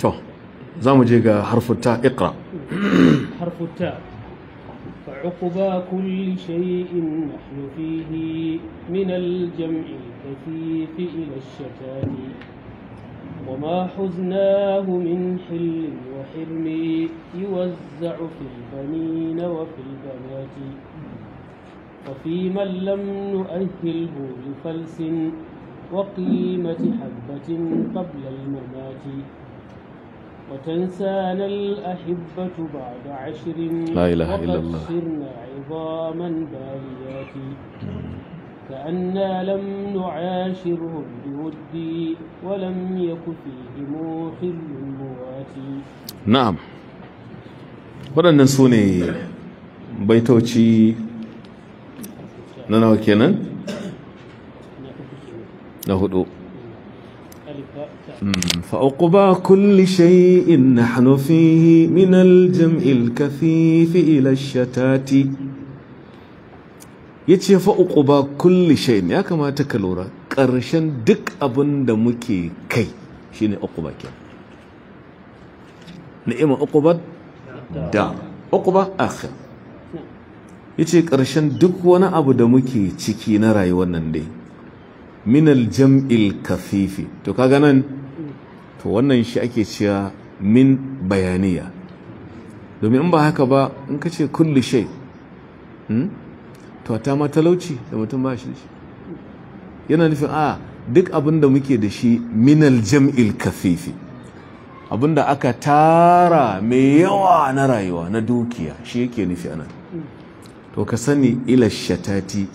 تو زامو mu حرف التاء اقرا حرف التاء فعقبى كل شيء نحن فيه من الجمع الكثيف إلى الشتان وما حزناه من حل وحرم يوزع في البنين وفي البنات وفي من لم نؤهله لفلس وقيمة حبة قبل الممات وتنسانا الأحبة بعد عشر لا إله إلا الله صرنا عظاما باليات كأنا لم نعاشره بودي ولم يك فيهم خل مواتي نعم waɗannan su ne baitoci na nawa فأقبى كل شيء نحن فيه من الجمع الكثيف إلى الشتات yace fa uquba kulli shay'in ya kamata ka lura ƙarshen duk abin da muke kai shine uquba ke ni'ima uquba da uquba akhir yace ƙarshen duk wani abu da muke ciki na rayuwar nan dai minal jam'il kafifi to kaga nan to wannan shi ake cewa min bayaniya domin in ba haka ba in ka ce kulli shai hmm? to ta ma talauci da mutum ba shi shi yana nufin a duk abin da muke da shi minal jam'il kafifi abin da aka tara mai yawa na rayuwa na dukiya shi yake nufi nan to ka sani ila shatati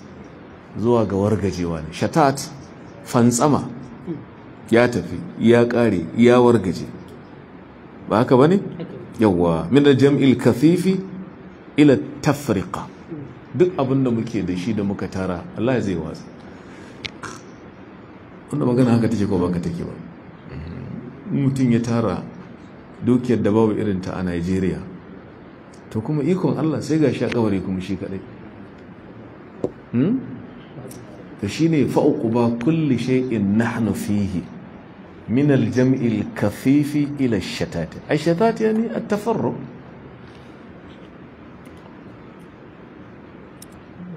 zuwa ga wargajewa ne shatat fantsama ya tafi ya ƙare ya wargaje ba haka ba ne? yawwa min jam'il kathifi ila tafriqa duk abin da muke da shi da muka tara Allah zai watsa wanda magana haka take ko baka take ba mutum ya tara dukiyar da babu irinta a Najeriya to kuma ikon Allah sai ga shi a kabari kuma shi kadai hmm? to shine fa uquba kulli shay'in na fihi min al-jam'i al-kafifi ila a shatat ash-shatat yani at-tafarruq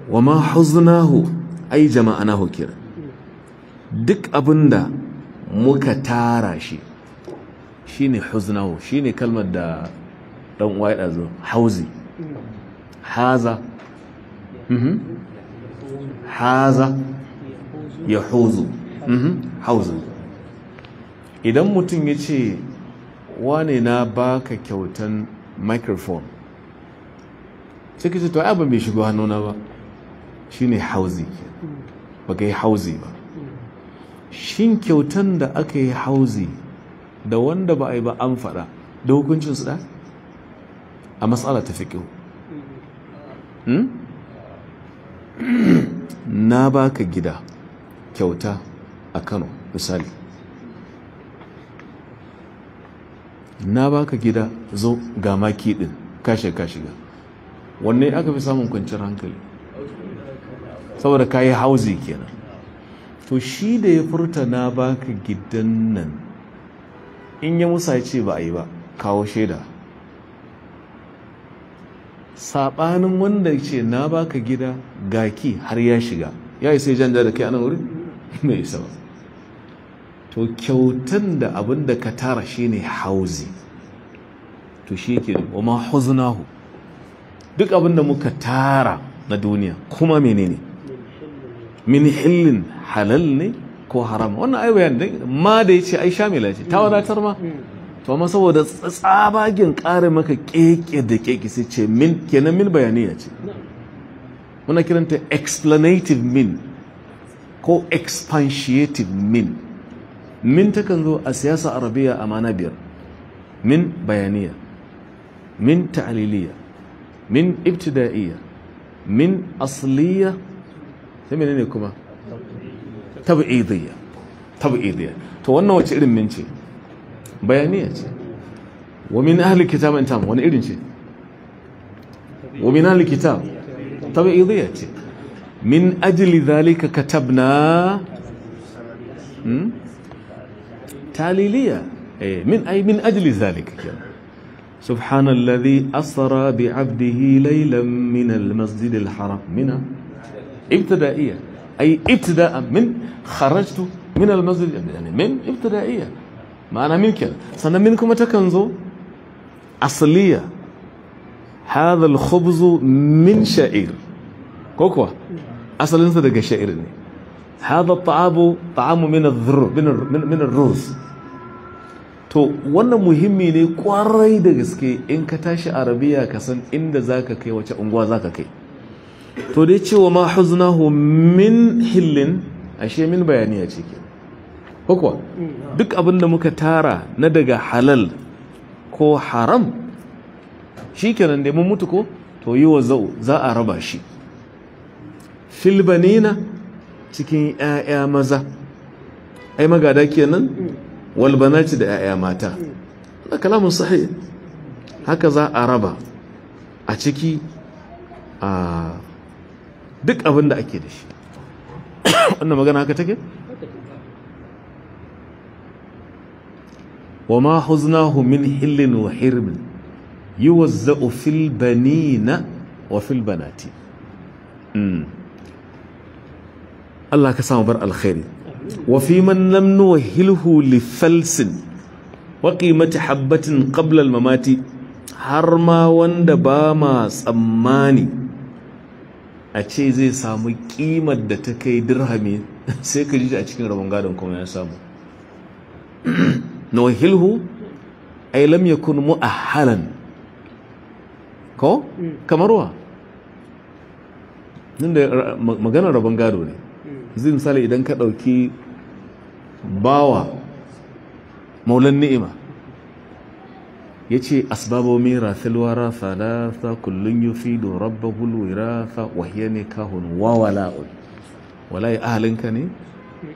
wama huznahu ai na hukira. duk abinda muka tara shi shine huznahu shine kalmar da don uwa ya zo hauzi haza mhm. haza ya mhm. hauzu idan mutum ya ce wane na baka kyautan microphone sai ce to abin bai shigo hannuna ba shine hauzi ba ka yi hauzi ba shin kyautan da aka yi hauzi da wanda ba a yi ba an faɗa da hukuncin su da a matsala ta fiƙi hmm? na baka gida kyauta a kano misali na baka gida zo ga maki din kashe ka shiga wanne aka fi samun kwanciyar hankali saboda ka yi hauzi kenan to shi da ya furta na baka gidan nan in ya musa ya ce ba a yi ba kawo shaida saɓanin wanda ce na baka gida gaki har ya shiga ya yi sai da kai anan mai yi to kyautan da abin da ka tara shi ne hauzi to shi ke wa ma huznahu duk abin da muka tara na duniya kuma menene min hillin halal ne ko haram wannan ai bayan ma da ya ce ai shamila ce ta wadatar ma to amma saboda tsabagin kare maka keke da keke sai ce min kenan min bayaniya ce muna kiranta explanative min ko expansiated min min kan zo a siyasa arabiya a mana biyar min bayaniya min ta'aliliya min ibtida'iyya min asliya mene ne kuma tab'idiyya ta to wannan wace irin min ce bayaniya ce wa min ahli kitab tam wani irin ce wa min ahli kitab tab'idiyya ce من أجل ذلك كتبنا تعليلية إيه، من أي من أجل ذلك سبحان الذي أسرى بعبده ليلا من المسجد الحرام من ابتدائية أي ابتداء من خرجت من المسجد يعني من ابتدائية أنا من كذا سنة منكم تكنزو أصلية هذا الخبز من شعير كوكو asalinsa daga sha'ir ne hadha ta'abu ta'amu min min ar to wannan muhimmi ne kwarai da gaske in ka tashi arabiya ka san inda zaka kai wace unguwa zaka kai to dai cewa ma huznahu min hillin ashe min bayaniya ce ke ko duk abin da muka tara na daga halal ko haram kenan dai mun mutu ko to yi wa za'u za a raba shi filbanina cikin 'ya'ya maza ai magada kenan walbanaci da 'ya'ya mata na kalamun sahi haka za a raba a ciki a duk abin da ake da shi wannan magana haka take? wa ma huznahu min hillin wa hirmin yi wazza'u filbanina wa filbanati hmm. Allah ka samu bar alkhairi wa fi man lam nuwahhilhu li falsin wa qimati habatin qabla al mamati har ma wanda ba ma tsammani a ce zai samu kimar da ta kai dirhami sai ka ji a cikin rabon gadon kuma ya samu nuwahhilhu ay lam yakun mu'ahhalan ko mm. kamar wa nan da maganar rabon gado ne zai misali idan ka ɗauki bawa maulan ni'ima ya ce asbabo mera filwara thalatha kullum yi fi da rabba hulwai ta wahiyar ne kahun wawala'ul wala ya ahalinka ne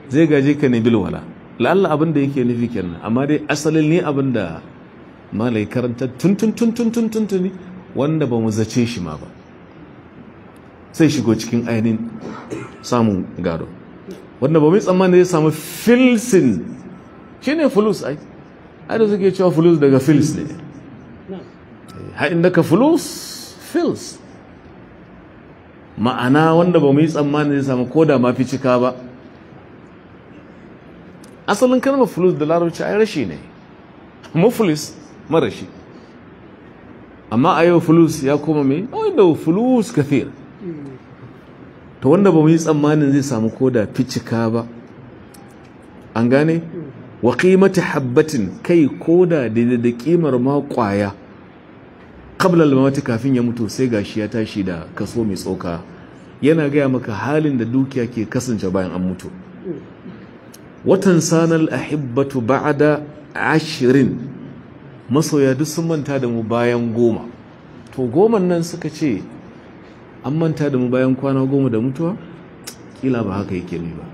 zai gaje ka ne bilwala la'alla abin yake nufi kenan amma dai asalin ne abinda da malai karanta tuntuntuntuntuntuni wanda ba mu zace shi ma ba sai shigo cikin ainihin samun gado wanda ba mai tsammanin zai samu filsin shi ne fulus ai ai da suke cewa fulus daga fils ne eh, haɗin daga fulus fils ma'ana wanda ba mai tsammanin zai samu koda ma fi cika ba asalin ma fulus da larabci ai rashi ne muflis marashi amma a yau fulus ya koma mai wanda fulus kathir to wanda ba mu yi tsammanin zai samu ko koda ficika ba an gane wa qimati habbatin kai ko da da kimar ma kwaya qabla al-mawt kafin ya mutu sai gashi ya tashi da kaso mai tsoka yana gaya maka halin da dukiya ke kasance bayan an mutu watan sanar ahibbatu ba'ada ashirin masoya duk sun manta da mu bayan goma to goman nan suka ce an manta da mu bayan kwana goma da mutuwa kila ba haka yake ne ba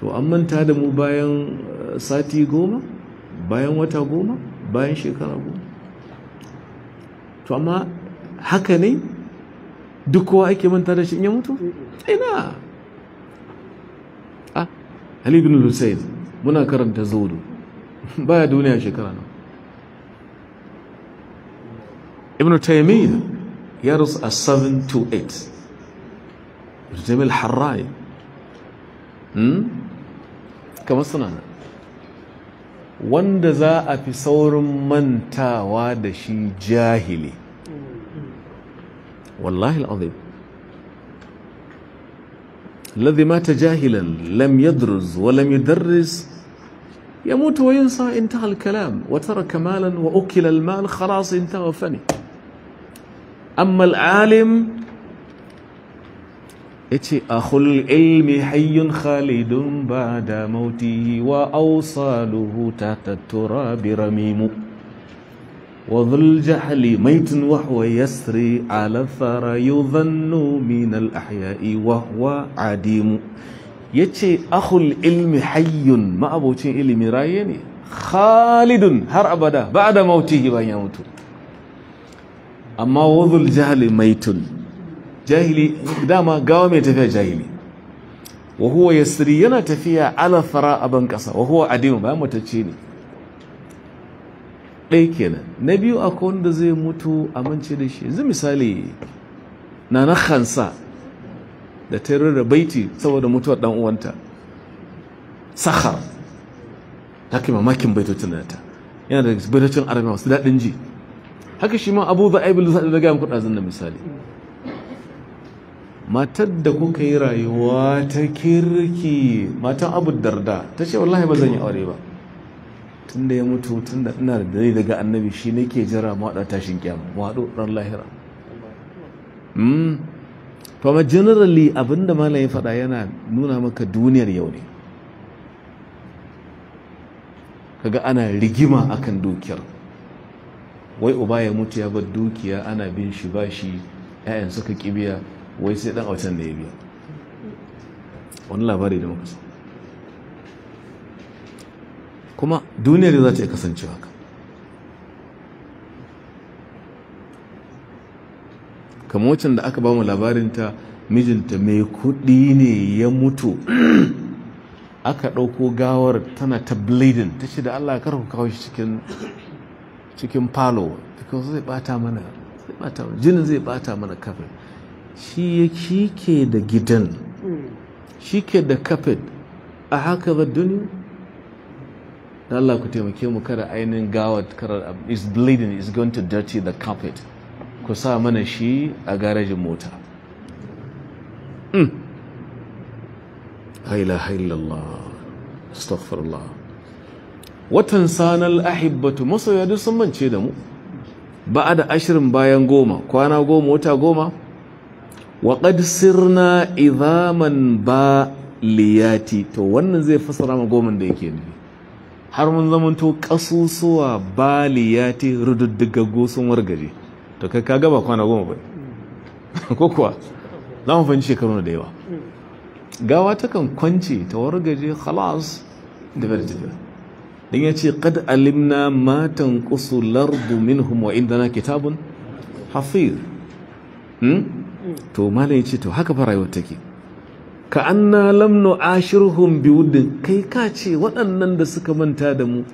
to an manta da mu bayan eh, sati goma bayan wata goma bayan shekara goma to amma haka ne duk kowa ake manta da shi in ya mutu ina a ah, halibin bin muna karanta zodo baya duniya shekara na ibn taymiyyah يرث السفن تو ايت زي الحراي امم كما صنع وان ذا في صور منتوا دشي جاهلي والله العظيم الذي مات جاهلا لم يدرز ولم يدرس يموت وينسى انتهى الكلام وترك مالا واكل المال خلاص انتهى وفني أما العالم إتي أخو العلم حي خالد بعد موته وأوصاله تحت التراب رميم وذو الجحل ميت وهو يسري على الثرى يظن من الأحياء وهو عديم يتي أخو العلم حي ما أبو تي إلمي رايني خالد هر أبدا بعد موته بين يموتون amma wuzul jahili maitun jahili dama gawa mai tafiya jahili wa huwa yasri yana tafiya ala a aban kasa wa huwa adim bayan matacce ne ɗaya kenan na biyu akwai wanda zai mutu a amince da shi yanzu misali na na khansa da ta da baiti saboda mutuwar dan uwanta sakhar ta kai mamakin baitocin ta yana da baitocin arabiya masu daɗin ji haka shi ma abu yi aibul zai da gayan ɗazin da misali matar da kuka yi rayuwa ta kirki matan abu darda ta ce wallahi ba zan yi aure ba tun da ya mutu tun da ina da dare daga annabi shi ne ke jira mawaɗa tashin kyam haɗu ran lahira hmm. to amma generally abinda malam ya faɗa yana nuna maka duniyar yau ne kaga ana rigima akan dukiyar wai uba ya mutu ya bar dukiya ana bin shi ba shi ƴaƴan suka kibiya wai sai dan autan da ya biya wani labari da muka san kuma duniyar za ta iya kasancewa haka kamar wacin da aka ba mu ta mijinta mai kuɗi ne ya mutu aka ɗauko gawar tana ta bleeding ta ce da allah karku kawo shi cikin cikin falo because zai bata mana zai bata mana jinin zai bata mana kafin shi ke da gidan shi ke da kafin a haka ba duniya da Allah ku taimake mu kada ainihin gawar karar um, is bleeding is going to dirty the carpet ku sa mana shi a garajin mota haila hmm. hailallah astaghfirullah watan sanar ahibbatu masoya duk sun mance da mu ba a da ashirin bayan goma kwana goma wata goma waƙad sirna izaman ba liyati to wannan zai fasara ma goma da yake ne har mun zamanto ƙasusuwa ba liyati rududdugaggo sun wargaje to kai ka gaba kwana goma ba ko kuwa za mu fahimci shekaru da yawa gawa takan kwance ta wargaje khalas da dan ya ce qad alimna matan tanqusu lardu minhum wa indana kitabun hafiz hmm? to malam ya ce to haka fa rayuwar take ka anna lam nu'ashiruhum biwuddin kai ka ce waɗannan da suka manta da mu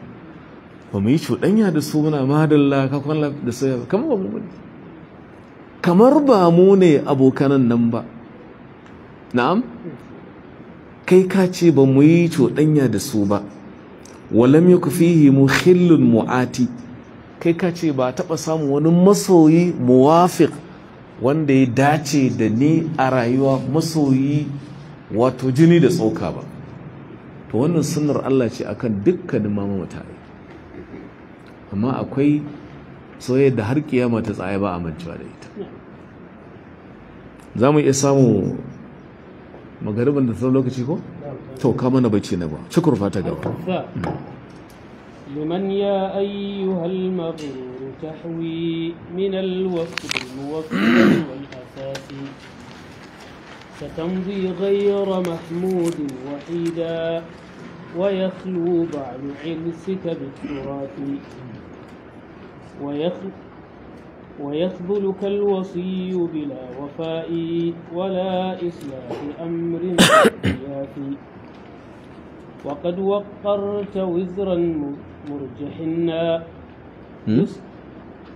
ba mu yi cuɗanya da su muna madalla ka kwana da saya kamar ba mu ne kamar ba mu ne abokanan nan ba na'am kai ka ce ba mu yi cuɗanya da su ba walam yi fihi muhillun mu'ati kai ka ce ba taɓa samun wani masoyi muwafiq wanda ya dace da ni a rayuwa masoyi wato jini da tsoka ba to wannan sunar Allah ce akan dukkanin mama mutane amma akwai soyayya da har kiyama ta tsaye ba a mancewa da ita za mu iya samu magariban da sau lokaci ko? to ka mana bacci na ba cikur fata gaba لمن يا أيها المغرور تحوي من الوقت بالموفق والأساسي ستمضي غير محمود وحيدا ويخلو بعد عرسك بالتراث ويخلو ويخذلك الوصي بلا وفاء ولا إصلاح أمر بالضياف وقد وقرت وزرا مرجحنا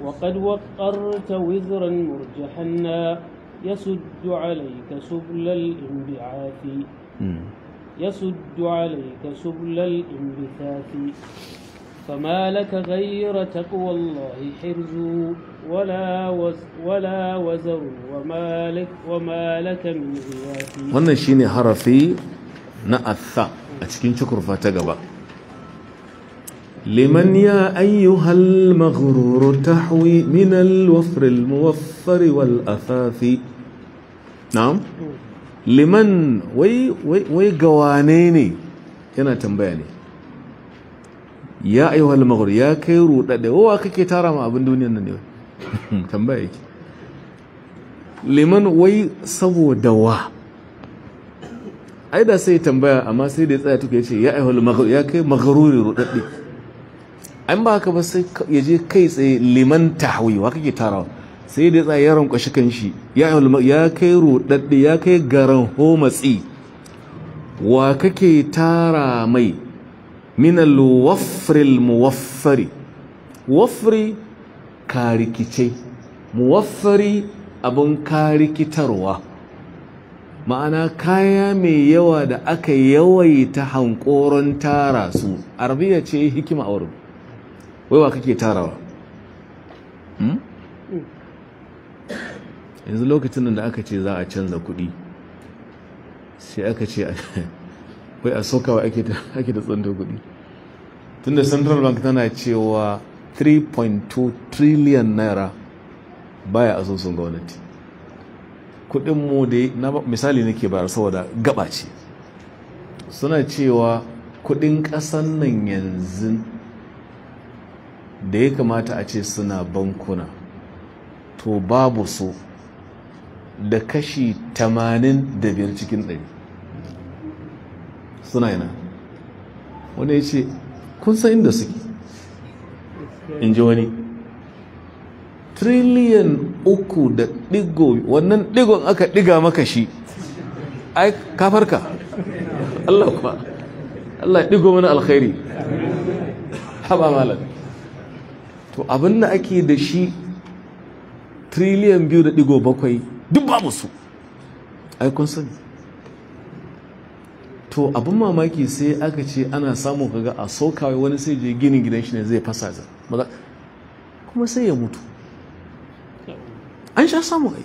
وقد وقرت وزرا مرجحنا يسد عليك سبل الانبعاث يسد عليك سبل الانبثاث فما لك غير تقوى الله حرز ولا وز ولا وزر وما لك وما لك من غياث. wannan shine harafi na atha a cikin cikurfa ta gaba liman ya ayyuhal maghruru tahwi min al-wafr al-muwaffar wal afafi na'am liman wai wai gawane ne yana tambaya ne ya ayyuhal maghrur ya kai rudade wa kake tara ma abin duniyar nan ne tambaya yake liman wai saboda wa ai da sai tambaya amma sai da ya tsaya tuka ya ce ya aihul ya kai magharuri rudaddi an ba haka ba sai ya je kai tsaye liman tahwi wa kake tarawa sai da ya tsaya ya rankwashi kanshi ya aihul ya kai rudaddi ya kai garan homatsi wa kake tara mai min al-wafri al-muwaffari wafri karikice muwaffari abun karikitarwa ma'ana kaya mai yawa da aka yawaita hankoron tara su arabiya ce hikima a wurin wai wa kake tarawa hmm? yanzu lokacin da aka ce za a canza kuɗi sai aka ce wai a sokawa ake da tsanto kuɗi da central bank tana cewa 3.2 trillion naira baya asusun gwamnati kudinmu da na misali nake bayar saboda gaba ce suna cewa kudin kasan nan yanzu da ya kamata a ce suna bankuna to babu so da kashi 85 cikin 100 suna yana wani ya ce kun san inda suke in ji wani triliyan uku da digo wannan digon aka diga maka shi ai kafarka Allah kuma Allah digo mana alkhairi haba malam to abin da ake da shi triliyan biyu da digo bakwai duk babu su ai kun sani to abin mamaki sai aka ce ana samun kaga a sokawai wani sai je ginin gidan shi ne zai fasa kuma sai ya mutu an sha samu ai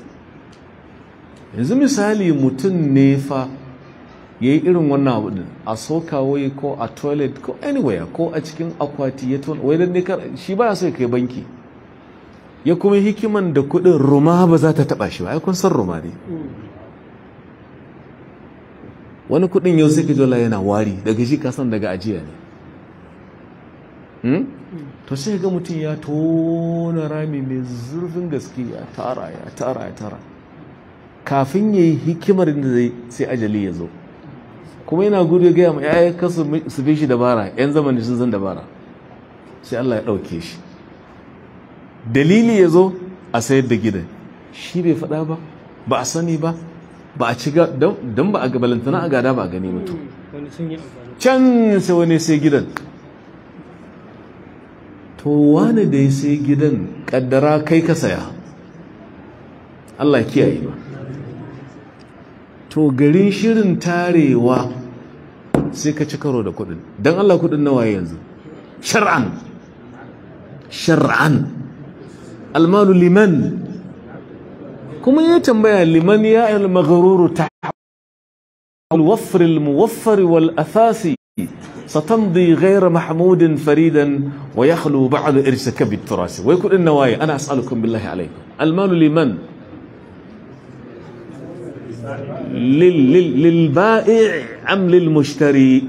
yanzu misali mutum ne fa ya yi irin wannan abu din a wai ko a toilet ko anywhere ko a cikin akwati ya tona wai ne kar shi ba ya so ya kai banki ya kuma hikiman da kudin ruma ba za ta taba shi ba ai kun san ruma ne wani kudin yau sai ka jola yana wari daga shi kasan daga ajiya ne Hmm? to sai ga mutum ya tona rami mai zurfin gaske ya tara ya tara ya tara kafin ya yi hikimar da zai sai ajali ya zo kuma yana gudu gaya ma ya kasu su fi shi dabara yan zamani sun zan dabara sai Allah ya ɗauke shi dalili ya zo a sayar da gidan shi bai faɗa ba ba a sani ba ba a cika don ba a gabalantana a gada ba a gani mutum hmm, can sai wani sai gidan to wani da ya sai gidan kaddara kai ka saya Allah kiyaye ba to garin shirin tarewa sai ka ci karo da kudin don Allah kudin nawa yanzu shar'an shar'an almalu liman kuma ya tambaya liman ya al ta al-wafr wal asasi ستمضي غير محمود فريدا ويخلو بعد إرسك بالتراث ويكون النوايا أنا أسألكم بالله عليكم المال لمن لل لل للبائع أم للمشتري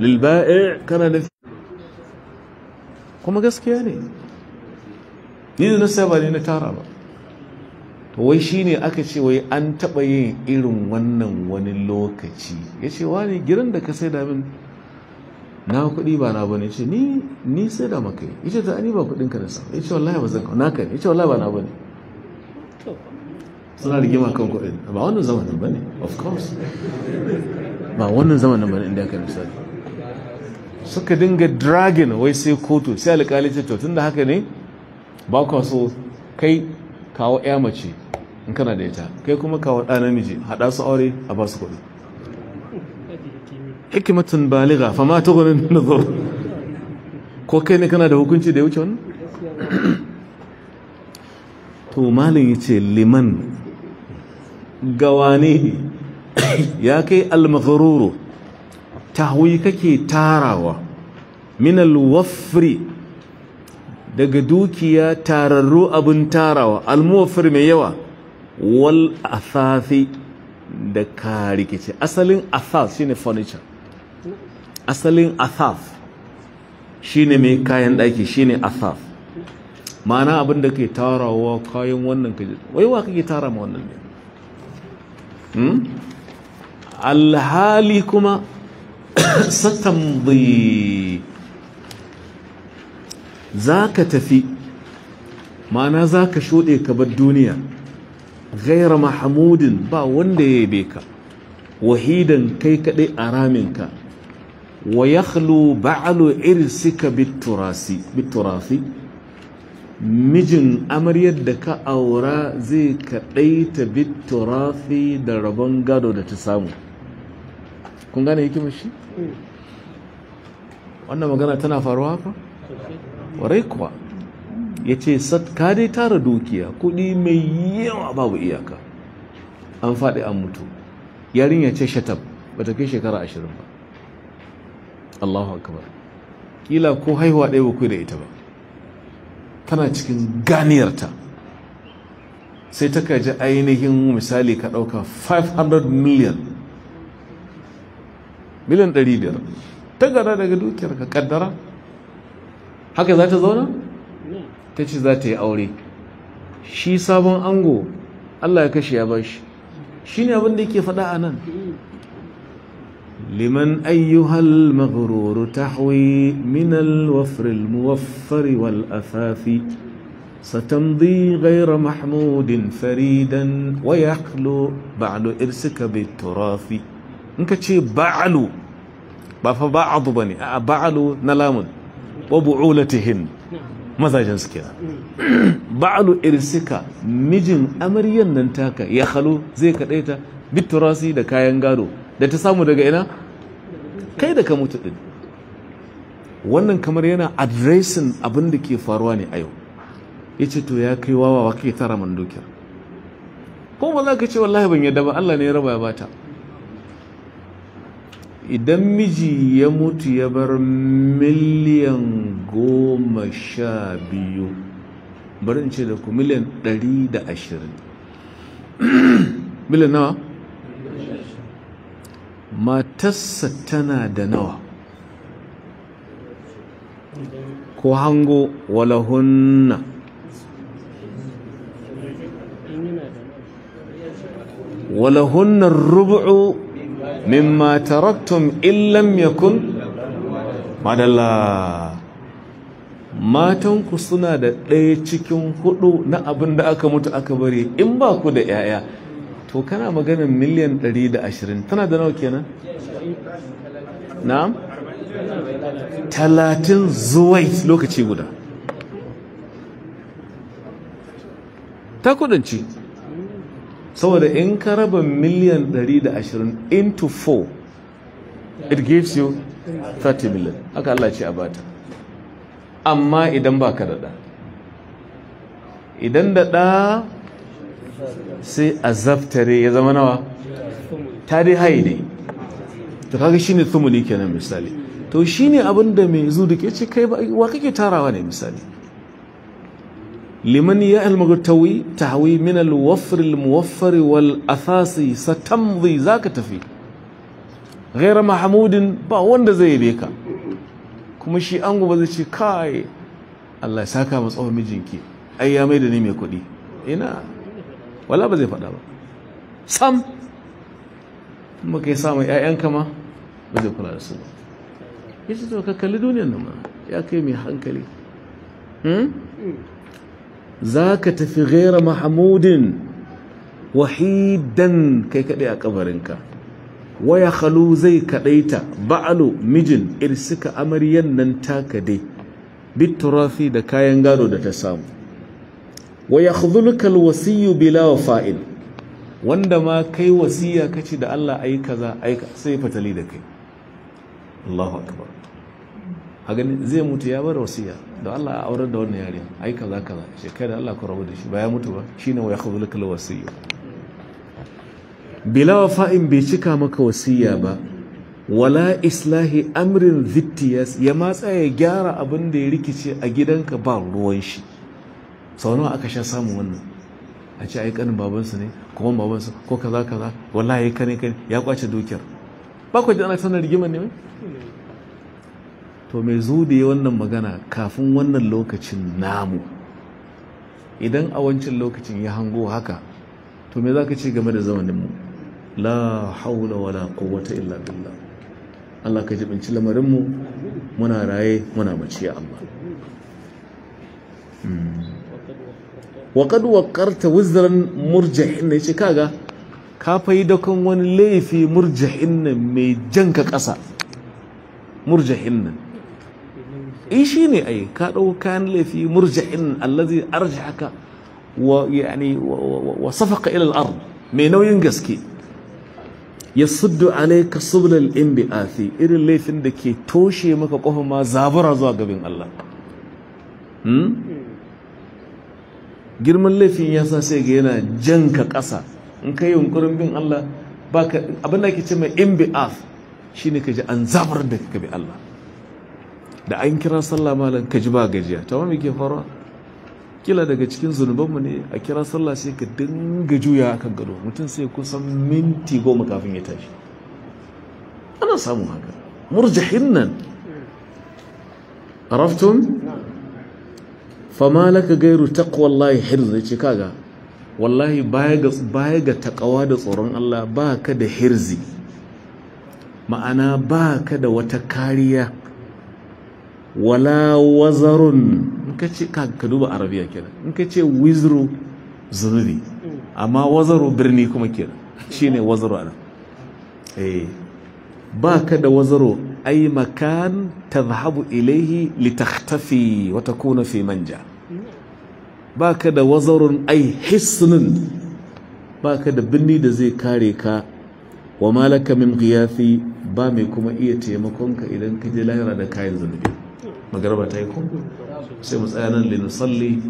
للبائع كان نف كما قصك يعني نيدو نسيبا لنا wai wai shine aka ce wai an taɓa yin irin wannan wani lokaci ya ce wa ne girin da ka sai da min na kuɗi ba na bane ce ni ni sai da maka yi ce ta ni ba kuɗin ka da sa ya ce wallahi ba zan ka naka ne ya ce wallahi ba na bane suna rigima kan kuɗin ba wannan zamanin bane of course ba wannan zamanin bane inda aka misali suka dinga dragon wai sai kotu sai alƙali ce to da haka ne ba ka so kai kawo ya mace in kana da ita kai kuma kawo ɗa namiji haɗa su aure a ba su kuɗi hikimatin baliga fa ma na zo ko kai ne kana da hukunci da ya wuce wani. to malin ce liman gawane ya kai al ta tahwi kake tarawa min alwafri daga dukiya tararru abin tarawa almuwafir mai yawa wal athafi da rikice. asalin athaf shine furniture asalin athaf shine mai kayan daki shine athaf ma'ana abin da ke tarawa kayan wannan kaje wai wa kake tara ma wannan ne hmm? alhali kuma satamdi za ka tafi ma'ana za ka shuɗe ka bar duniya ghaira mahamudin ba wanda ya yabe beka. wahidan kai kaɗai a raminka wa yakhlu ba'alu irsika biturasi biturafi mijin amaryar da ka aura zai kadaita biturafi da rabon gado da ta samu kun mm. wannan magana tana faruwa haka ya ce ka dai tara dukiya kudi mai yawa babu iyaka an faɗi an mutu yarin ya ce shatab bata kai shekara ashirin ba allahu akbar kila ko haihuwa ɗaya bakwai da ita ba tana cikin ganiyarta sai ta kaji ainihin misali ka ɗauka 500 miliyan miliyan 500 ta gada daga dukiyar ka kaddara haka za ta zauna? ta ce za ta yi aure shi sabon ango Allah ya kashe ya bashi shi ne abin da yake faɗa a nan liman ayyuhal maghruru tahwi min al-wafr al-muwaffar wal afafi ستمضي غير محمود فريدا ويخلو بعد إرسك بالتراث إنك تشي بعلو بفبعض بني بعلو نلام وبعولتهن mazajen su kenan ba'alu irsika mijin amaryan nan taka ya halo zai ta biturasi da kayan gado da ta samu daga ina kai da ka mutu ɗin wannan kamar yana adresin abin da ke faruwa ne a yau ce to ya kai wawa wa kai tara ko ba za ka ce wallahi ban yadda ba Allah ne ya raba ya bata idan miji ya mutu ya bar miliyan goma sha biyu bari in ce da ku miliyan ɗari da ashirin miliyan nawa matarsa tana da nawa ko hango walahunna walahunna rubu'u mimma taraktum illam yakun madalla matanku suna da ɗaya cikin hudu na abin da aka mutu aka bari in ba ku da 'ya'ya to kana maganin miliyan 120 tana da nawa kenan na'am talatin zuwai lokaci guda ta kudanci saboda in ka raba miliyan 120 into 4 it gives you 30 million haka Allah ce a bata amma idan ba ka idan daɗa sai a zaftare ya zama nawa tare haini to kaga shine thumuli kenan misali to shine ne da mai zuwa da ke ce kai wa kake tarawa ne misali liman ya almagtawi tahwi min alwafr almuwaffar wal athasi satamdhi zaka tafi ghayra mahmudin ba wanda zai yabe ka kuma shi ango ba zai ce kai Allah ya saka masa tsawon mijinki ai ya mai ni mai kuɗi wala ba zai faɗa ba sam kuma kai sa mai ƴaƴanka ma ba zai kula da su ba to ka kalli duniyar nan ya kai mai hankali za ka tafi ghera mahamudin wahidan kai kaɗai a ƙabarinka waya halu zai kaɗaita ba'alo mijin irsika amaryan nan taka dai biturafi da kayan gado da ta samu waya khuzulukal wasiyu bila fa'il wanda ma kai wasiya kace da Allah ai kaza ai sai fatali da kai Allahu akbar a ganin zai mutu ya bar wasiya da Allah a aurar da wannan yare ai kaza kaza shekara Allah ku rabu da shi ba ya mutu ba shine wa yakhudhu lakal wasiya bila wafa'in bai cika maka wasiya ba wala islahi amrin zittiyas ya matsa ya gyara abin da ya rikice a gidanka ba ruwan shi sau nawa aka sha samu wannan a ce ai kanin babansu ne kuma babansu ko kaza kaza wallahi kane kane ya kwace dukiyar ba ku da ana sanar rigimar ne mai to mai zude wannan magana kafin wannan lokacin namu idan a wancan lokacin ya hango haka to me za ka ce game da zamaninmu la haula wala quwwata illa billah Allah ka jibinci lamarinmu muna raye muna mace Allah hmm. waƙad waƙarta wuzirin murjahin ne ce kaga ka fai dakon wani laifi murjahin nan mai janka ƙasa murjahin nan in eh, shi ne ka ɗau kayan laifi murja'in allazi arja'aka wa yani wa safaka ilal ar mai nauyin gaske yasuddu alayka subul al-inbi'athi irin laifin da ke toshe maka kofa ma zabura zuwa gabin Allah hmm? girman laifin ya sa sai ga yana ka ƙasa in ka yi yunkurin bin Allah baka abin da ake ce mai Shi shine ka ji an zabar da ka bi Allah da an kira sallah malam ka ji ba gajiya ta me ke faruwa kila daga cikin zunubanmu ne a kira sallah sai ka dinga juya kan gado mutum sai kusan minti goma kafin ya tashi ana samun haka murjahin nan araftun fama laka gairu taqwallahi hirzi ce kaga wallahi baya ga baya ga takawa da tsoron Allah ba ka da hirzi ma'ana ba ka da wata kariya wala wazarun in ka ce ka duba arabiya kenan in ka ce wizru zunubi amma wazaru birni kuma kenan shine wazaru ana eh ba ka da wazaru ay makan tadhhabu ilayhi litakhtafi wa takuna fi manja ba ka da wazarun ay hisnun ba ka da birni da zai kare ka wa malaka min ghiyathi ba mai kuma iya taimakonka idan ka je lahira da kayan zunubi magarba ta yi ko sai mu tsaya nan lina salli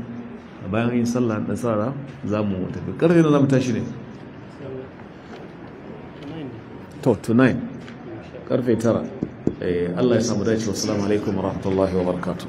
a bayan yin sallah ɗan sarara za mu tafi karfe na za mu tashi ne to to 9 karfe eh, Allah ya samu dace wassalamu alaikum wa rahmatullahi wa barakatu